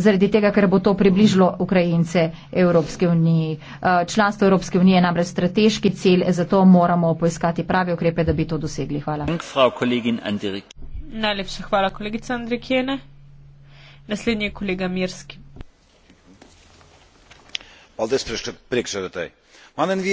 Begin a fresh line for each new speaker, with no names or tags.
Zaradi tega, ker bo to približilo Ukrajince Evropske unije. Eh, članstvo Evropske unije je namreč strateški cilj, zato moramo poiskati prave ukrepe, da bi to dosegli. Hvala.
Najlepša hvala, kolegica Andrikjene. Naslednji je kolega Mirski.
Hvala, da ste prišli prek še do tej. Manj en